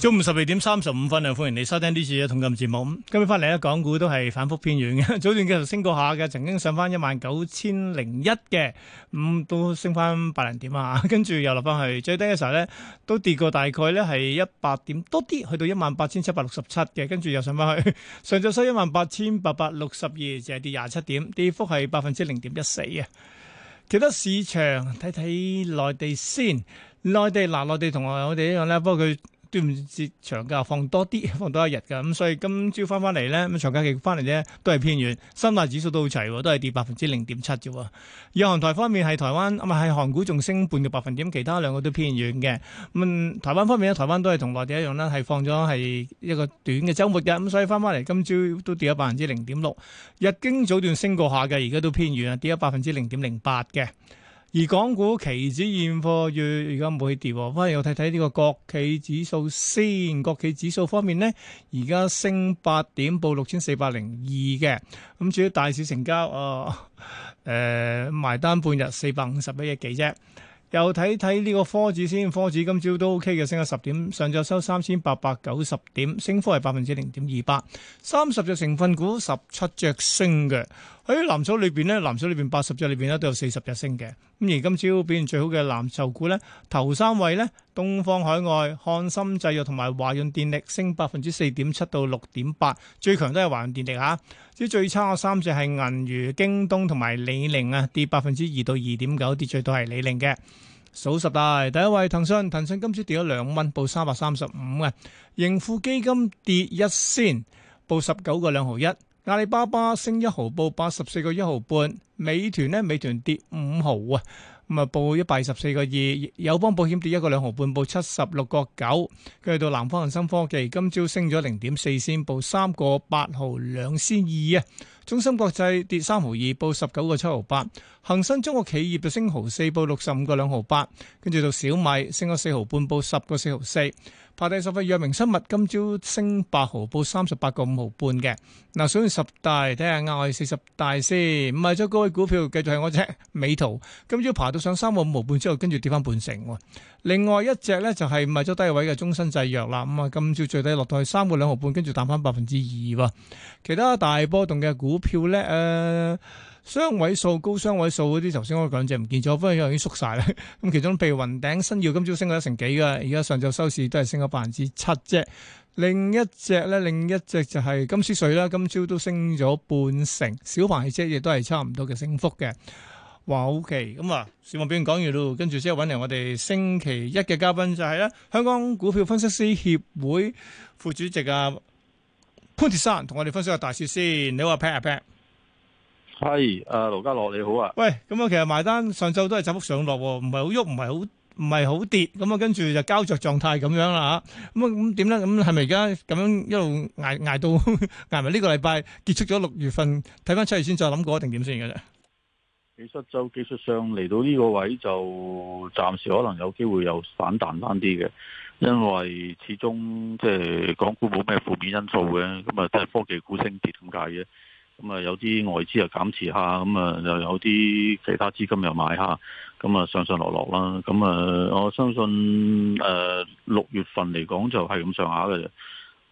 中午十二點三十五分啊！歡迎你收聽呢次嘅《同感節目》。今日翻嚟咧，港股都係反覆偏軟嘅。早段繼續升過下嘅，曾經上翻一萬九千零一嘅，咁、嗯、都升翻百零點啊。跟住又落翻去，最低嘅時候咧都跌過大概咧係一百點多啲，去到一萬八千七百六十七嘅。跟住又上翻去，上晝收一萬八千八百六十二，就係跌廿七點，跌幅係百分之零點一四啊。其他市場睇睇內地先，內地嗱，內、呃、地同我哋一樣咧，不過佢。端午節長假放多啲，放多一日㗎，咁所以今朝翻翻嚟咧，咁長假期翻嚟啫，都係偏軟。三大指數都好齊，都係跌百分之零點七啫。而韓台方面係台灣，唔係係韓股仲升半個百分點，其他兩個都偏軟嘅。咁、嗯、台灣方面咧，台灣都係同內地一樣啦，係放咗係一個短嘅週末嘅，咁所以翻翻嚟今朝都跌咗百分之零點六。日經早段升過下嘅，而家都偏軟啊，跌咗百分之零點零八嘅。而港股期指現貨月而家冇去跌，翻嚟又睇睇呢個國企指數先。國企指數方面呢，而家升八點，報六千四百零二嘅。咁、嗯、至於大市成交，誒、呃呃、埋單半日四百五十一億幾啫。又睇睇呢個科指先，科指今朝都 O K 嘅，升咗十點，上晝收三千八百九十點，升幅係百分之零點二八。三十隻成分股，十七隻升嘅。喺藍籌裏邊咧，藍籌裏邊八十隻裏邊咧都有四十隻升嘅。咁而今朝表現最好嘅藍籌股咧，頭三位咧，東方海外、漢森製藥同埋華潤電力升百分之四點七到六點八，最強都係華潤電力嚇、啊。至最差嘅三隻係銀娛、京東同埋李寧啊，跌百分之二到二點九，跌最多係李寧嘅。數十大第一位，騰訊，騰訊今朝跌咗兩蚊，報三百三十五嘅。盈富基金跌一仙，報十九個兩毫一。阿里巴巴升一毫，報八十四個一毫半。美團咧，美團跌五毫啊，咁啊報一百二十四個二。友邦保險跌一個兩毫半，報七十六個九。佢去到南方恒生科技，今朝升咗零點四仙，報三個八毫兩仙二啊。2中芯國際跌三毫二，報十九個七毫八，恒生中國企業升4，就升毫四，報六十五個兩毫八。跟住到小米升咗四毫半，報十個四毫四。排第十位藥明生物今朝升八毫，報三十八個五毫半嘅。嗱，數完十大睇下嗌四十大先，唔係再各位股票，繼續係我隻美圖。今朝爬到上三個五毫半之後，跟住跌翻半成。另外一隻咧就係賣咗低位嘅終身製藥，咁啊今朝最低落到去三個兩毫半，跟住彈返百分之二。其他大波動嘅股票咧，呃，雙位數，高雙位數，話 OK，咁啊，小望表講完咯，跟住先揾嚟我哋星期一嘅嘉賓，就係咧香港股票分析師協會副主席啊潘鐵珊，同我哋分析下大市先。你好啊 Pat 啊 Pat？係，誒，盧家樂你好啊。喂，咁啊，其實埋單上晝都係走幅上落，唔係好喐，唔係好唔係好跌，咁啊，跟住就膠著狀態咁樣啦嚇。咁啊，咁點咧？咁係咪而家咁樣一路挨挨到挨埋呢個禮拜結束咗六月份？睇翻七月先再諗過一定點先嘅啫。其實就技術上嚟到呢個位就暫時可能有機會有反彈翻啲嘅，因為始終即係港股冇咩負面因素嘅，咁啊即係科技股升跌咁解嘅，咁啊有啲外資又減持下，咁啊又有啲其他資金又買下，咁啊上上落落啦。咁啊，我相信誒六、呃、月份嚟講就係咁上下嘅，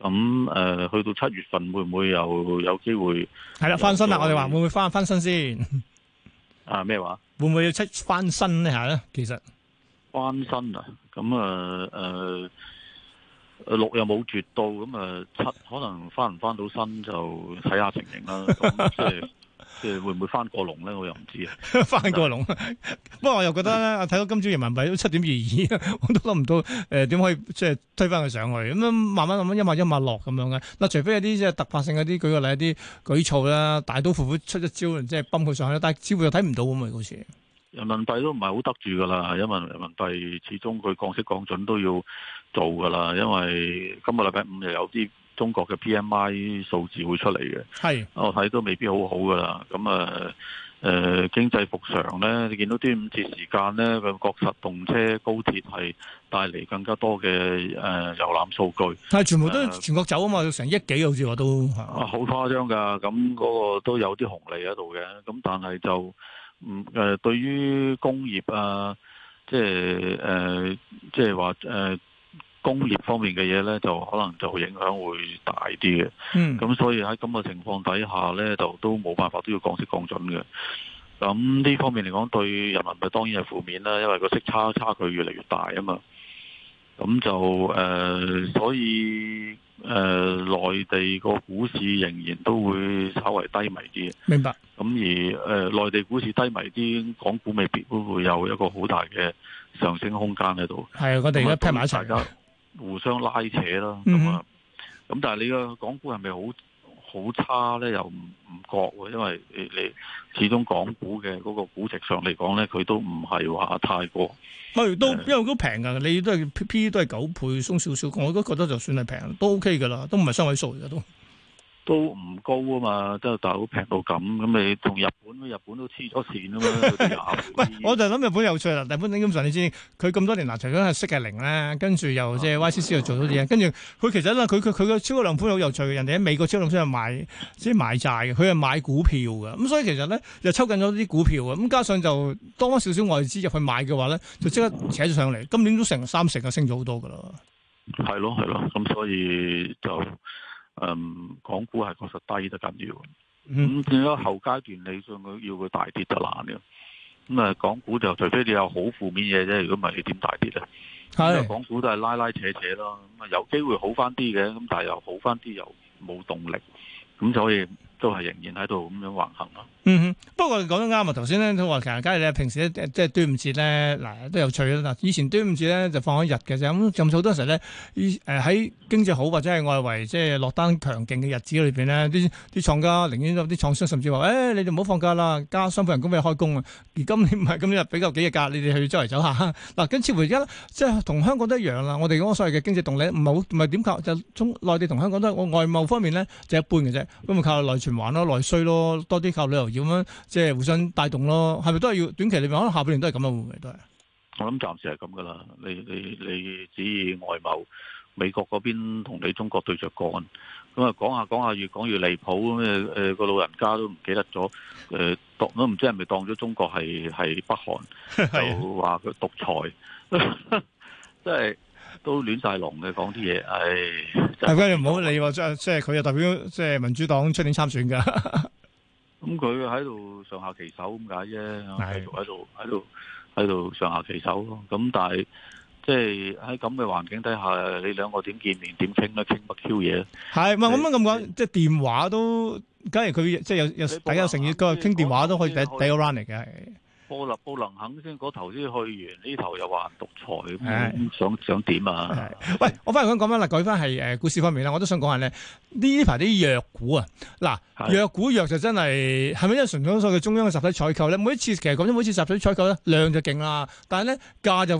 咁誒、呃、去到七月份會唔會又有，有機會係啦？翻身啦，我哋話會唔會翻翻身先？啊咩話？會唔會要出翻身呢？下咧？其實翻身啊，咁啊誒六又冇絕到，咁、嗯、啊七可能翻唔翻到身就睇下情形啦。咁即係。就是即係會唔會翻過籠咧？我又唔知啊。 翻過龍籠， 不過我又覺得咧，睇 到今朝人民幣都七點二二，我都諗唔到誒，點、呃、可以即係推翻佢上去？咁啊，慢慢慢慢一慢一慢落咁樣嘅。嗱、啊，除非有啲即係突發性嗰啲，舉個例啲舉措啦，大刀闊斧出一招，即係崩佢上去。但係似乎又睇唔到咁嘅，好似人民幣都唔係好得住噶啦，因為人民幣始終佢降息降準都要做噶啦，因為今日禮拜五又有啲。中國嘅 PMI 數字會出嚟嘅，係是我睇都未必好好噶啦。咁啊，誒、呃呃，經濟復常咧，你見到端午節時間咧，個國鐵動車高鐵係帶嚟更加多嘅誒遊覽數據。但係全部都全國走啊嘛，要、呃、成億幾好似我都。啊、呃，好誇張噶，咁嗰個都有啲紅利喺度嘅。咁但係就唔誒、呃呃，對於工業啊，即係誒、呃，即係話誒。呃工業方面嘅嘢呢，就可能就影響會大啲嘅。咁、嗯、所以喺咁嘅情況底下呢，就都冇辦法都要降息降準嘅。咁呢方面嚟講，對人民幣當然係負面啦，因為個息差差距越嚟越大啊嘛。咁就誒、呃，所以誒、呃，內地個股市仍然都會稍微低迷啲。明白。咁而誒、呃，內地股市低迷啲，港股未必會有一個好大嘅上升空間喺度。係，我哋而家聽埋一齊。互相拉扯啦，咁啊，咁但係你個港股係咪好好差咧？又唔唔覺喎，因為你始終港股嘅嗰，那個估值上嚟講咧，佢都唔係話太過，係、嗯、都因為都平噶，你都係 P P 都係九倍鬆少少，我都覺得就算係平都 O K 噶啦，都唔係雙位數嘅都。都唔高啊嘛，都係大佬平到咁，咁你同日本，日本都黐咗線啊嘛。喂， 我就諗日本有趣啦，日本頂尖神你知，佢咁多年嗱，除咗係息嘅零咧，跟住又即係 Y C C 又做多啲嘢，跟住佢其實咧，佢佢佢個超量盤好有趣，人哋喺美國超量盤又買，即係買債嘅，佢係買股票嘅，咁、嗯、所以其實咧又抽緊咗啲股票嘅，咁加上就多翻少少外資入去買嘅話咧，就即刻扯咗上嚟，今年都成三成啊，升咗好多噶啦。係咯係咯，咁所以就。嗯，港股係確實低得緊要，咁變咗後階段你上要要佢大跌就難嘅，咁啊港股就除非你有好負面嘢啫，如果唔係你點大跌咧？係是，港股都係拉拉扯扯咯，咁、嗯、啊有機會好翻啲嘅，咁但係又好翻啲又冇動力，咁、嗯、所以。都係仍然喺度咁樣橫行咯。嗯哼，不過講得啱啊！頭先咧佢話其實梗係咧平時咧即係端午節咧嗱都有趣咯。嗱，以前端午節咧就放一日嘅啫。咁咁好多時咧，依喺經濟好或者係外圍即係落單強勁嘅日子裏邊咧，啲啲廠家寧願有啲廠商，甚至話誒，你哋唔好放假啦，加雙倍人工俾你開工啊！而今年唔係今日比夠幾日假，你哋去周圍走下。嗱，跟超乎而家即係同香港都一樣啦。我哋嗰個所謂嘅經濟動力唔係好唔係點靠，就從內地同香港都係外貿方面咧就一半嘅啫，咁唔靠內存。玩咯，內需咯，多啲靠旅遊業咁樣，即係互相帶動咯。係咪都係要短期嚟講，下半年都係咁啊？會唔會都係？我諗暫時係咁噶啦。你你你指外貿，美國嗰邊同你中國對着幹，咁啊講下講下越講越離譜。咁誒誒個老人家都唔記得咗，誒當都唔知係咪當咗中國係係北韓，就話佢獨裁，即係。都亂曬龍嘅講啲嘢，唉！係，不如唔好理喎，即係即係佢又代表即係民主黨出年參選嘅，咁佢喺度上下其手咁解啫，繼續喺度喺度喺度上下其手咯。咁但係即係喺咁嘅環境底下，你兩個點見面？點傾咧？傾乜 Q 嘢咧？係，唔係咁樣咁講，即係電話都，梗係佢即係有有大家成日講傾電話都可以抵第二個 round 嚟嘅。波立布林肯先嗰頭先去完呢頭又話獨裁，的我想想點啊？的喂，我返嚟想講翻啦，改翻係誒股市方面啦，我都想講下咧。呢排啲藥股啊，嗱的藥股藥就真係係咪因為純粹所嘅中央嘅集體採購咧？每一次其實咁樣，每一次集體採購咧，量就勁啦，但係咧價就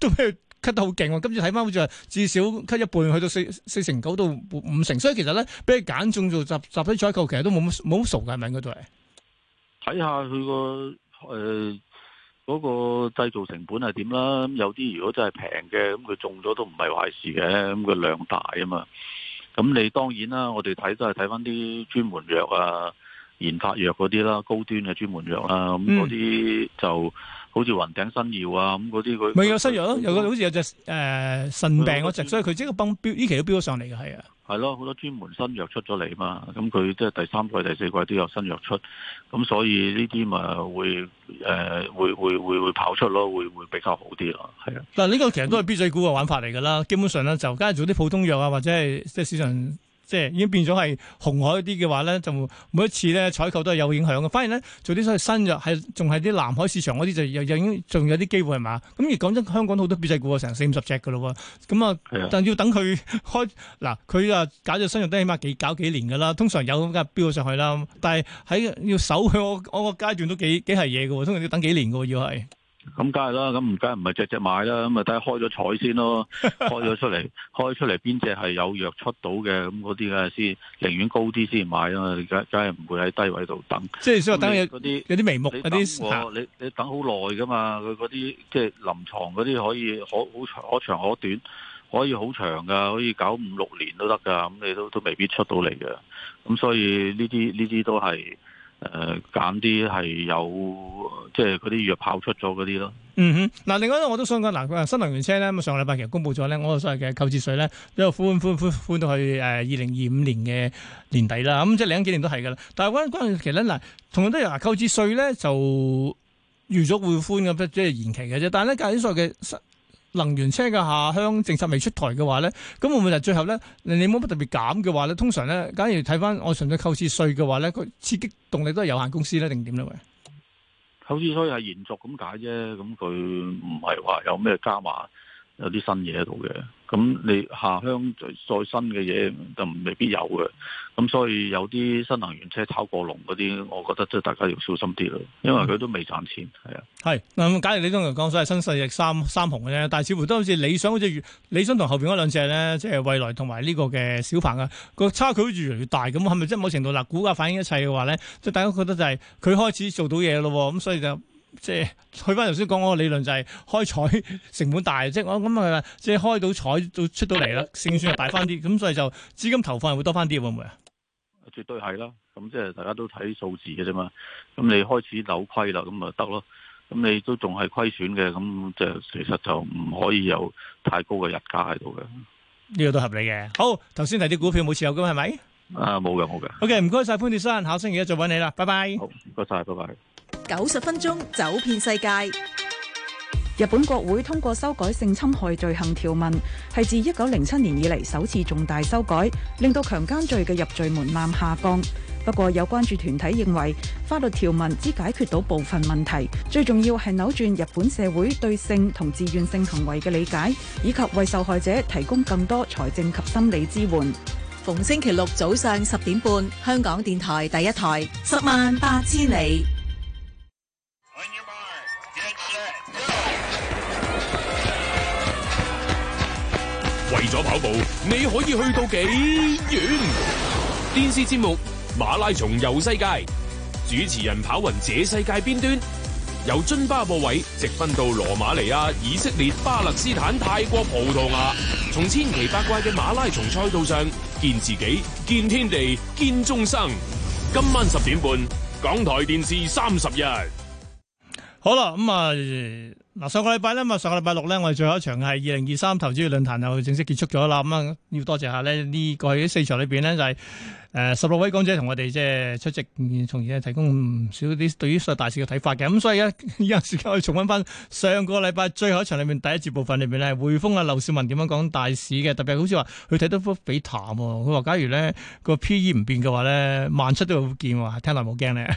都俾佢 cut 得好勁。今次睇翻好似係至少 cut 一半，去到四四成九到五成。所以其實咧俾佢揀中做集集體採購，其實都冇冇熟嘅，係咪？嗰度係睇下佢個。誒嗰、呃嗰個製造成本係點啦？有啲如果真係平嘅，咁佢中咗都唔係壞事嘅。咁佢量大啊嘛，咁你當然啦，我哋睇都係睇翻啲專門藥啊、研發藥嗰啲啦、高端嘅專門藥啦、啊。咁嗰啲就。嗯好似雲頂新耀啊咁嗰啲佢咪有新藥咯，有好似有隻誒腎病嗰隻，所以佢即刻崩飆，依期都飆咗上嚟嘅，係啊，係咯，好多專門新藥出咗嚟嘛，咁佢即係第三季、第四季都有新藥出，咁所以呢啲咪會誒會會會會跑出咯，會會比較好啲咯，係啊。但係，呢個其實都係 B 仔股嘅玩法嚟噶啦，基本上咧就，即使做啲普通藥啊，或者係即係市場。即係已經變咗係紅海啲嘅話咧，就每一次咧採購都係有影響嘅。反而咧做啲所謂新藥係仲係啲南海市場嗰啲就又又已經仲有啲機會係嘛？咁而講真，香港好多 B 仔股成四五十隻㗎咯喎。咁、嗯、啊，但要等佢開嗱，佢啊搞咗新藥都起碼幾搞幾年㗎啦。通常有咁梗係飆咗上去啦。但係喺要守佢我我個階段都幾幾係嘢㗎喎。通常要等幾年㗎喎要係。咁梗係啦，咁唔梗係唔係隻隻買啦，咁咪睇開咗彩先咯， 開咗出嚟，開出嚟邊隻係有藥出到嘅，咁嗰啲梗係先，寧願高啲先買啊！而家梗係唔會喺低位度等。即係所以等嗰啲有啲眉目，啲你 你等好耐㗎嘛？佢嗰啲即係臨床嗰啲可以可好長，可長可短，可以好長㗎，可以搞五六年都得㗎，咁你都都未必出到嚟嘅。咁所以呢啲呢啲都係。誒，減啲係有即係嗰啲藥跑出咗嗰啲咯。嗯哼，嗱，另外咧，我都想講嗱，新能源車咧，咁上個禮拜其實公布咗咧，我話所謂嘅購置稅咧，一路寬寬寬寬到去誒二零二五年嘅年底啦。咁即係兩幾年都係噶啦。但係關於關鍵其實嗱，同樣都有，購置稅咧就預咗會寬咁，即係延期嘅啫。但係咧，交易所嘅。能源車嘅下鄉政策未出台嘅話咧，咁會唔會就最後咧你冇乜特別減嘅話咧？通常咧，假如睇翻我純粹購置稅嘅話咧，佢刺激動力都係有限公司咧，定點咧？喂，購置稅係延續咁解啫，咁佢唔係話有咩加碼，有啲新嘢喺度嘅。咁你下鄉再新嘅嘢就未必有嘅，咁所以有啲新能源車炒過龍嗰啲，我覺得即係大家要小心啲咯，因為佢都未賺錢。係啊，係嗱、嗯，假如你總又講，所謂新勢力三三雄啫，但係似乎都好似理想嗰隻，理想同後邊嗰兩隻咧，即係蔚來同埋呢個嘅小鵬啊，個差距越嚟越大，咁係咪即係某程度嗱？股價反映一切嘅話咧，即係大家覺得就係佢開始做到嘢咯，咁所以就。即係去翻頭先講嗰個理論就係開採成本大，即係我咁啊，即係開到採就出到嚟啦，勝算就大翻啲，咁所以就資金投放會多翻啲會唔會啊？絕對係啦，咁即係大家都睇數字嘅啫嘛。咁你開始扭虧啦，咁咪得咯。咁你都仲係虧損嘅，咁即係其實就唔可以有太高嘅日價喺度嘅。呢個都合理嘅。好，頭先提啲股票冇持有嘅係咪？是是啊，冇嘅，冇嘅。OK，唔該晒潘鐵珊，下星期一再搵你啦，拜拜。好，唔該晒，拜拜。九十分鐘走遍世界。日本國會通過修改性侵害罪行條文，係自一九零七年以嚟，首次重大修改，令到強姦罪嘅入罪門檻下降。不過有關注團體認為，法律條文只解決到部分問題，最重要係扭轉日本社會對性同自願性行為嘅理解，以及為受害者提供更多財政及心理支援。逢星期六早上十點半，香港電台第一台，十萬八千里。為咗跑步，你可以去到幾遠？電視節目《馬拉松遊世界》，主持人跑勻這世界邊端，由津巴布韋直奔到羅馬尼亞、以色列、巴勒斯坦、泰國、葡萄牙，從千奇百怪嘅馬拉松賽道上，見自己，見天地，見眾生。今晚十點半，港台電視三十一。好啦，咁啊。嗱，上個禮拜咧嘛，上個禮拜六咧，我哋最後一場係二零二三投資論壇又正式結束咗啦。咁啊，要多謝下咧呢個喺四場裏邊咧就係誒十六位講者同我哋即係出席，從而提供唔少啲對於大市嘅睇法嘅。咁所以呢，依家時間我重溫翻上個禮拜最後一場裏面第一節部分裏邊咧，匯豐啊劉少文點樣講大市嘅？特別好似話佢睇到幅比淡喎，佢話假如呢個 P E 唔變嘅話呢，萬七都會見喎，聽落冇驚咧。